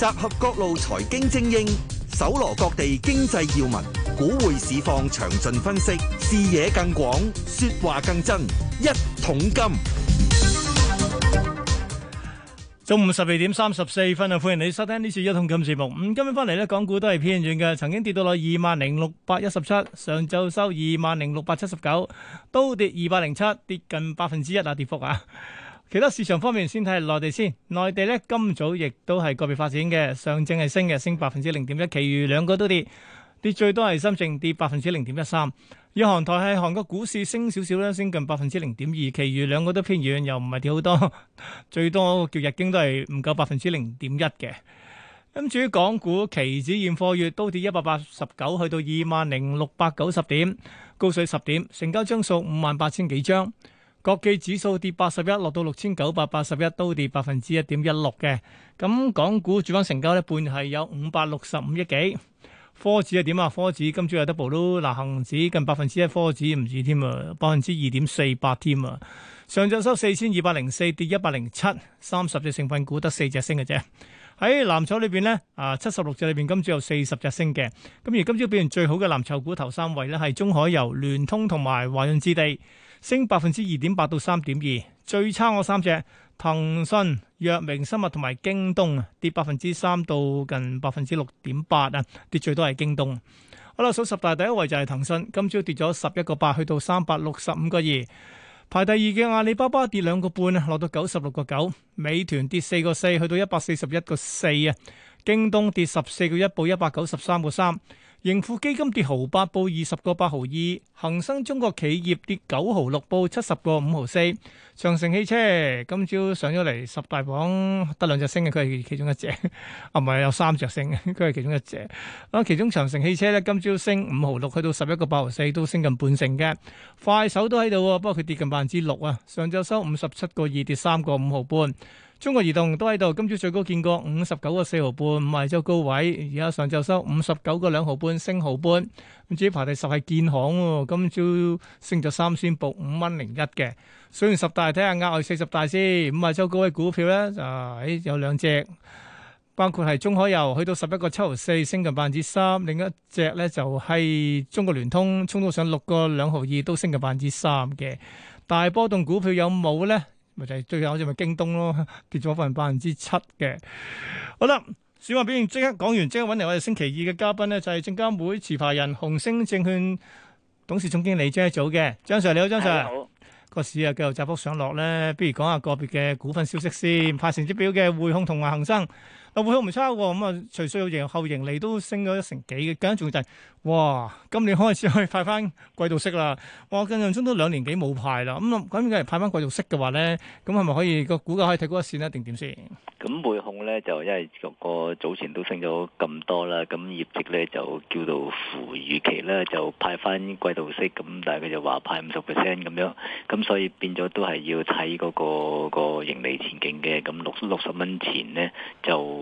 集合各路財經精英，搜羅各地經濟要聞，股匯市況詳盡分析，視野更廣，說話更真。一桶金，中午十二點三十四分啊！歡迎你收聽呢次一桶金節目。咁今日翻嚟咧，港股都係偏軟嘅，曾經跌到落二萬零六百一十七，上晝收二萬零六百七十九，都跌二百零七，跌近百分之一啊，跌幅啊！其他市場方面先睇下內地先，內地咧今早亦都係個別發展嘅，上證係升嘅，升百分之零點一，其餘兩個都跌，跌最多係深證跌百分之零點一三。而韓台係韓國股市升少少啦，升近百分之零點二，其餘兩個都偏軟，又唔係跌好多，最多叫日經都係唔夠百分之零點一嘅。咁至於港股期指現貨月都跌一百八十九，去到二萬零六百九十點，高水十點，成交張數五萬八千幾張。國企指數跌八十一，落到六千九百八十一，都跌百分之一點一六嘅。咁港股主板成交一半係有五百六十五億幾。科指係點啊？科指今朝有 double 都嗱，恒指近百分之一，科指唔止添啊，百分之二點四八添啊。上證收四千二百零四，跌一百零七，三十隻成分股得四隻升嘅啫。喺藍籌裏邊呢，啊七十六隻裏邊，今朝有四十隻升嘅。咁而今朝表現最好嘅藍籌股頭三位呢，係中海油、聯通同埋華潤置地。升百分之二點八到三點二，最差我三隻騰訊、藥明生物同埋京東啊，跌百分之三到近百分之六點八啊，跌最多係京東。好啦，數十大第一位就係騰訊，今朝跌咗十一個八，去到三百六十五個二。排第二嘅阿里巴巴跌兩個半啊，落到九十六個九。美團跌四個四，去到一百四十一個四啊。京東跌十四個一，報一百九十三個三。盈富基金跌毫八，報二十個八毫二；恒生中國企業跌九毫六，報七十個五毫四。長城汽車今朝上咗嚟十大榜得兩隻升嘅，佢係其中一隻。啊，唔係有三隻升嘅，佢係其中一隻。啊，其中長城汽車咧今朝升五毫六，去到十一個八毫四，都升近半成嘅。快手都喺度，不過佢跌近百分之六啊。上晝收五十七個二，跌三個五毫半。中國移動都喺度，今朝最高見過 5, 五十九個四毫半，五十周高位。而家上晝收五十九個兩毫半，升毫半。至於排第十係建行喎，今朝升咗三仙，報五蚊零一嘅。所完十大，睇下額外四十大先，五十周高位股票咧就喺有兩隻，包括係中海油去到十一個七毫四，升近百分之三。另一隻咧就係、是、中國聯通，衝到上六個兩毫二，都升近百分之三嘅。大波動股票有冇咧？就係最近好似咪京東咯，跌咗份百分之七嘅。好啦，小馬表現即刻講完，即刻揾嚟我哋星期二嘅嘉賓咧，就係證監會持牌人、紅星證券董事總經理張益祖嘅張 Sir，你好，張 Sir。個、哎、喲市又繼續窄幅上落咧，不如講下個別嘅股份消息先。派成績表嘅匯控同埋恒生。啊匯控唔差喎，咁啊，除咗有稅後盈利都升咗一成幾嘅，咁啊仲就係哇，今年開始可以派翻季度息啦！哇，我印象中都兩年幾冇派啦，咁啊，咁如果係派翻季度息嘅話咧，咁係咪可以個股價可以睇高一線一定點先？咁匯控咧就因為個個早前都升咗咁多啦，咁業績咧就叫做負預期啦，就派翻季度息，咁但係佢就話派五十 percent 咁樣，咁所以變咗都係要睇嗰個個盈利前景嘅。咁六六十蚊錢咧就。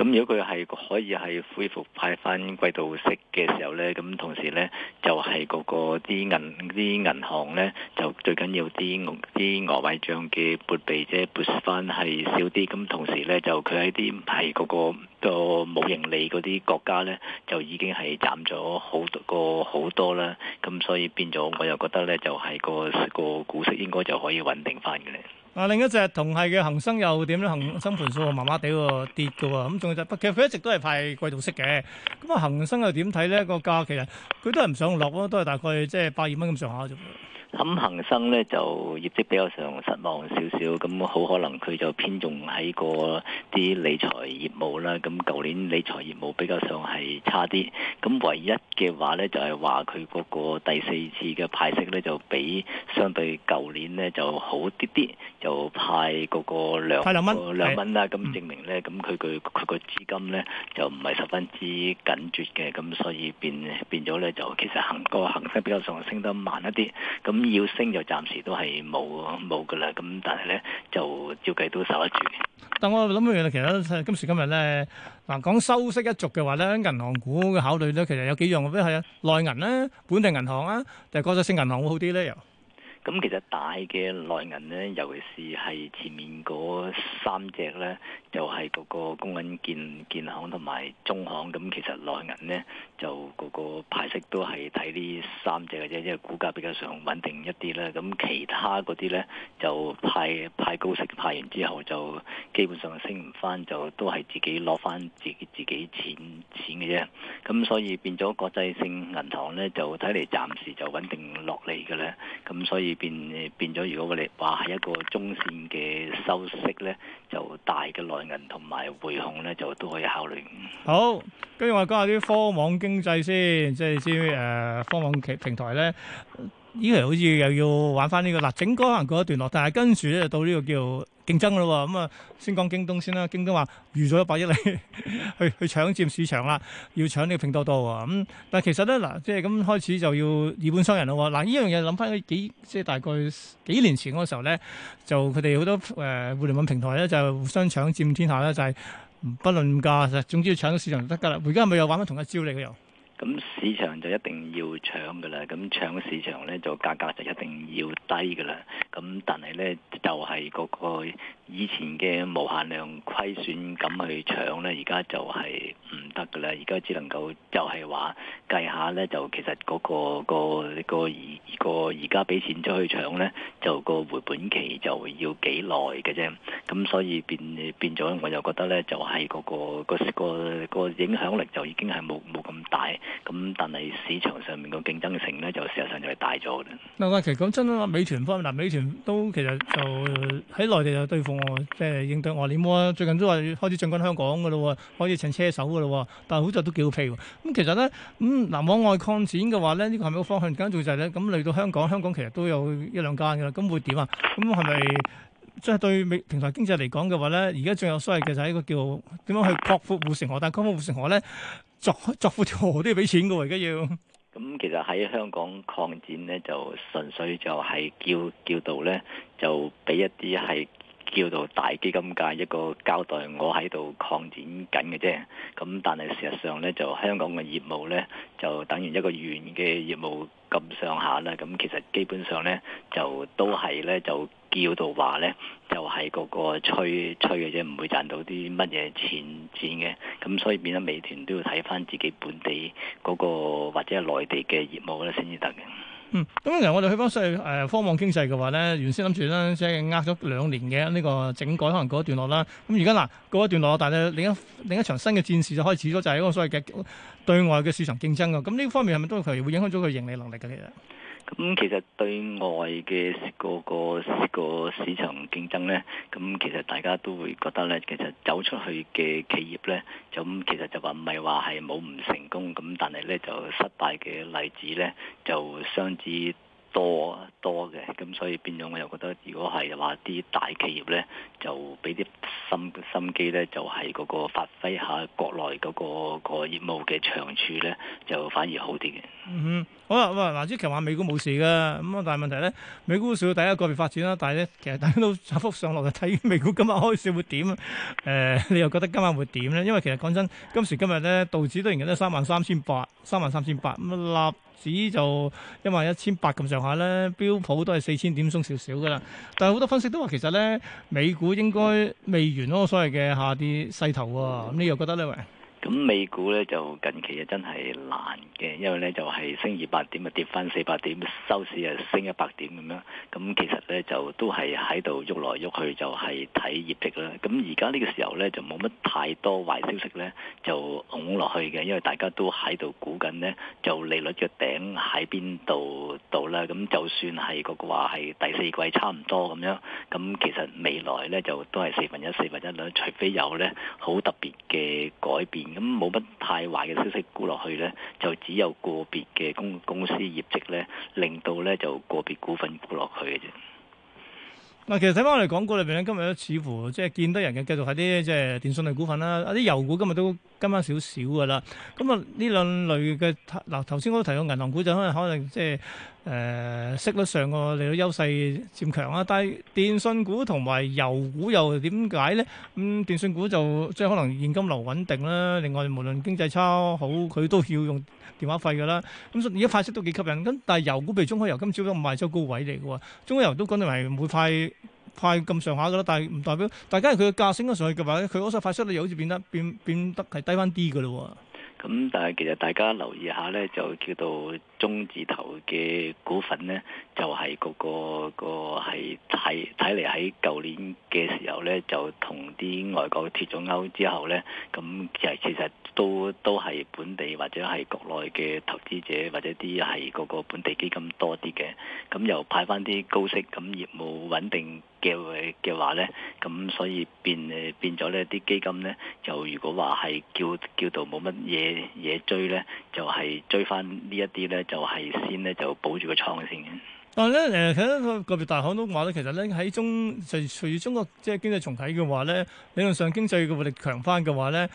咁如果佢係可以係恢復派翻季度息嘅時候咧，咁同時咧就係、是、嗰個啲銀啲銀行咧就最緊要啲啲外匯帳嘅撥備即係撥翻係少啲，咁同時咧就佢喺啲係嗰個冇、個、盈利嗰啲國家咧，就已經係斬咗好多、個好多啦，咁所以變咗我又覺得咧就係、個、個股息應該就可以穩定翻嘅咧。啊，另一隻同係嘅恒生又點咧？恒生盤數麻麻地喎，跌㗎喎。咁仲有就，其實佢一直都係派季度息嘅。咁啊，恒生又點睇咧？個價其實，佢都係唔上落咯，都係大概即係百二蚊咁上下啫。咁恒生咧就業績比較上失望少少，咁好可能佢就偏重喺嗰啲理財業務啦。咁舊年理財業務比較上係差啲，咁唯一嘅話咧就係話佢嗰個第四次嘅派息咧就比相對舊年咧就好啲啲，就派嗰個兩蚊，兩蚊啦。咁，啊，兩蚊，係嘅。咁證明咧，咁佢佢佢個資金咧就唔係十分之緊絀嘅，咁所以變變咗咧就其實行個恒生比較上升得慢一啲，咁。要升就暫時都係冇冇嘅啦。咁但係咧就照計都守得住。但我諗其實其實今時今日咧，嗱講收息一族嘅話咧，銀行股嘅考慮咧，其實有幾樣都係內銀啦、啊、本地銀行啊，定係國際性銀行會好啲咧？又。咁其實大嘅內銀咧，尤其是係前面嗰三隻咧，就係嗰個工銀建、建行同埋中行。咁其實內銀咧，就嗰個派息都係睇呢三隻嘅啫，因為股價比較上穩定一啲啦。咁其他嗰啲咧，就派派高息派完之後，就基本上升唔翻，就都係自己攞翻自己自己錢錢嘅啫。咁所以變咗國際性銀行咧，就睇嚟暫時就穩定落嚟嘅啦。咁所以。變變咗，如果我哋話係一個中線嘅收息咧，就大嘅內銀同埋匯控咧，就都可以考慮。好，跟住我講下啲科網經濟先，即係先誒科網其平台咧，依嚟好似又要玩翻呢、這個，嗱，整個可能過一段落，但係跟住咧就到呢個叫。競爭咯喎，咁、嗯、啊先講京東先啦。京東話預咗一百億嚟 去去搶佔市場啦，要搶呢個拼多多喎。咁、嗯、但係其實咧嗱，即係咁開始就要以本傷人咯喎。嗱呢樣嘢諗翻幾即係大概幾年前嗰時候咧，就佢哋好多誒、呃、互聯網平台咧就是、互相搶佔天下咧，就係、是、不論價，就總之要搶到市場就得㗎啦。而家係咪又玩翻同一招嚟嘅又？咁市場就一定要搶噶啦，咁搶嘅市場咧就價格就一定要低噶啦。咁但係咧就係、係、嗰個以前嘅無限量虧損咁去搶咧，而家就係唔得噶啦。而家只能夠就係話計下咧，就其實嗰、嗰個、嗰個、嗰個而而家俾錢出去搶咧，就個回本期就要幾耐嘅啫。咁所以變變咗，我就覺得咧就係、係、嗰、嗰個、嗰個、嗰個影響力就已經係冇冇咁大。咁但係市場上面個競爭性咧，就事實上就係大咗啦。嗱，其實講真啊，美團方面，嗱，美團都其實就喺內地就對付我，即係應對外鏈魔啊。最近都話開始進軍香港嘅咯，可以請車手嘅咯。但係好在都幾好皮喎。咁其實咧，咁嗱往外擴展嘅話咧，呢個係咪一個方向？緊要做就係、是、咧，咁嚟到香港，香港其實都有一兩間嘅啦。咁會點啊？咁係咪即係對美平台經濟嚟講嘅話咧？而家仲有所謂嘅就係一個叫點樣去擴闊護城河，但係擴闊護城河咧？.作作副座都要俾錢㗎喎，而家要，咁其實喺香港擴展咧就純粹就係叫叫到咧就俾一啲係叫到大基金界一個交代，我喺度擴展緊嘅啫。咁但係事實上咧就香港嘅業務咧就等於一個縣嘅業務咁上下啦。咁其實基本上咧就都係咧就。叫到話咧，就係、是、嗰個吹吹嘅啫，唔會賺到啲乜嘢錢錢嘅。咁所以變咗，美團都要睇翻自己本地嗰個或者係內地嘅業務咧，先至得嘅。嗯，咁其實我哋去翻所謂誒科網經濟嘅話咧，原先諗住咧，即係呃咗兩年嘅呢個整改，可能過一段落啦。咁而家嗱過一段落，但係另一另一場新嘅戰事就開始咗，就係一個所謂嘅對外嘅市場競爭㗎。咁呢方面係咪都反會影響咗佢盈利能力嘅其實？咁其實對外嘅個個個市場競爭呢，咁其實大家都會覺得呢，其實走出去嘅企業呢，咁其實就話唔係話係冇唔成功，咁但係呢，就失敗嘅例子呢，就相止，多多嘅，咁所以變咗我又覺得，如果係話啲大企業咧，就俾啲心心機咧，就係、是、嗰個發揮下國內嗰、那個、那個業務嘅長處咧，就反而好啲嘅。嗯，好啦，喂，嗱，之前話美股冇事嘅，咁啊，但係問題咧，美股少第一個別發展啦，但係咧，其實大家都反覆上落嘅，睇美股今日開市會點啊、呃？你又覺得今晚會點咧？因為其實講真，今時今日咧，道指都仍然都三萬三千八，三萬三千八咁拉。立指就一萬一千八咁上下啦，標普都係四千點鬆少少噶啦。但係好多分析都話其實咧，美股應該未完囉，所謂嘅下跌勢頭喎。咁、嗯、你又覺得咧？喂咁美股咧就近期啊真係難嘅，因為咧就係、是、升二百點啊跌翻四百點收市啊升一百點咁樣。咁其實咧就都係喺度喐來喐去，就係睇業績啦。咁而家呢個時候咧就冇乜太多壞消息咧就拱落去嘅，因為大家都喺度估緊咧就利率嘅頂喺邊度度啦。咁就算係個話，係第四季差唔多咁樣。咁其實未來咧就都係四分一四分一啦，除非有咧好特別嘅改變。咁冇乜太壞嘅消息沽落去咧，就只有個別嘅公公司業績咧，令到咧就個別股份沽落去嘅啫。嗱，其實睇返我哋港股裏邊咧，今日都似乎即係見得人嘅，繼續喺啲即係電信類股份啦，啲油股今日都。跟翻少少噶啦，咁啊呢兩類嘅，嗱頭先我都提到銀行股就可能可能即係誒息率上個利率優勢漸強啊，但係電信股同埋油股又點解咧？咁電信股就即係可能現金流穩定啦，另外無論經濟差好，佢都要用電話費㗎啦。咁所以而家派息都幾吸引，咁但係油股譬如中海油，今朝都賣咗高位嚟嘅喎，中海油都講到係每塊。派咁上下噶啦，但係唔代表大家，佢個價升咗上去嘅話佢嗰隻派息率又好似變得變變得係低翻啲噶咯。咁但係其實大家留意下咧，就叫做中字頭嘅股份咧，就係嗰個個係睇，睇嚟，喺舊年嘅時候咧，就同啲外國脫咗鈎之後咧，咁就其，其實都，都係本地或者係國內嘅投資者或者啲係嗰個本地基金多啲嘅，咁又派翻啲高息，咁業務穩定。嘅嘅話咧，咁所以變誒變咗呢啲基金咧，就如果話係叫叫到冇乜嘢嘢追咧，就係追翻呢一啲咧，就係先咧就保住個倉先嘅。但係咧誒，其實個個別大行都話咧，其實咧喺中隨隨住中國即係經濟重啟嘅話咧，理論上經濟嘅活力強翻嘅話咧。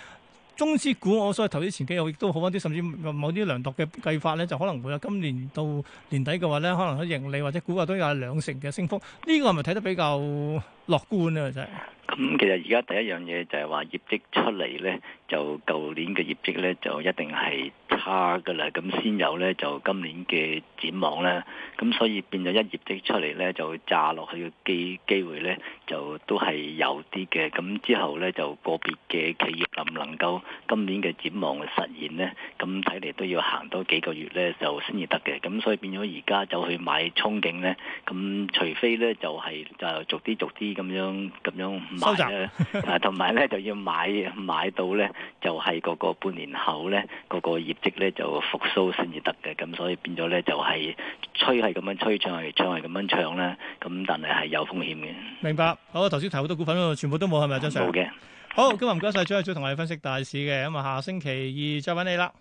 中資股我所謂投資前幾日亦都好返啲，甚至某啲量度嘅計法咧，就可能會有今年到年底嘅話咧，可能喺盈利或者股價都有兩成嘅升幅。呢個係咪睇得比較樂觀啊？真係。咁其實而家第一樣嘢就係話業績出嚟咧。就舊年嘅業績呢，就一定係差嘅啦，咁先有呢，就今年嘅展望呢，咁所以變咗一業績出嚟呢，就炸落去嘅機機會呢，就都係有啲嘅，咁之後呢，就個別嘅企業能唔能夠今年嘅展網望實現呢？咁睇嚟都要行多幾個月呢，就先至得嘅，咁所以變咗而家就去買憧憬呢。咁除非呢，就係、係、就逐啲逐啲咁樣咁樣買啦，同埋 呢就要買買到呢。就係個個半年後咧，個個業績咧就復蘇先至得嘅，咁所以變咗咧就係、是、吹係咁樣吹，唱係唱係咁樣唱啦，咁但係係有風險嘅。明白，好，頭先提好多股份全部都冇，係咪？張生冇嘅。的好，今日唔該晒張益祖同我哋分析大市嘅，咁啊下星期二再搵你啦。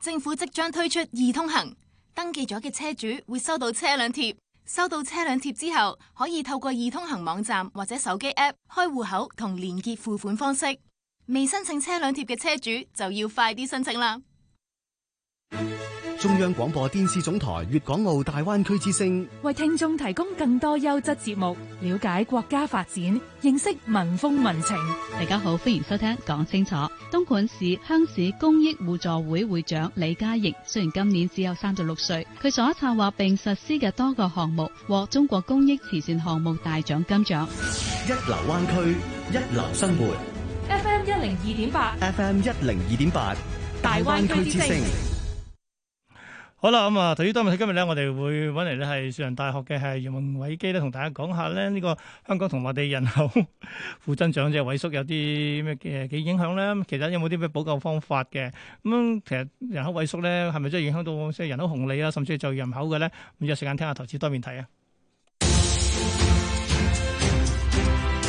政府即將推出易通行，登記咗嘅車主會收到車輛貼，收到車輛貼之後，可以透過易通行網站或者手機 App 開戶口同連結付款方式。未申請車輛貼嘅車主就要快啲申請啦！中央廣播電視總台粵港澳大灣區之聲為聽眾提供更多優質節目，了解國家發展，認識民風民情。大家好，歡迎收聽《講清楚》。東莞市鄉市公益互助會會長李嘉瑩，雖然今年只有三十六歲，佢所策劃並實施嘅多個項目獲中國公益慈善項目大獎金獎。一流灣區，一流生活。零二點八，F M 一零二點八，大灣區之聲。好啦，咁啊，投資多面睇。今日咧，我哋會揾嚟咧係樹仁大學嘅係袁文偉基咧，同大家講下咧呢個香港同內地人口負增長即係萎縮有啲咩嘅嘅影響咧。其實有冇啲咩補救方法嘅咁？其實人口萎縮咧係咪真係影響到即係人口紅利啦，甚至係就業人口嘅咧？咁有時間聽下投資多面睇啊。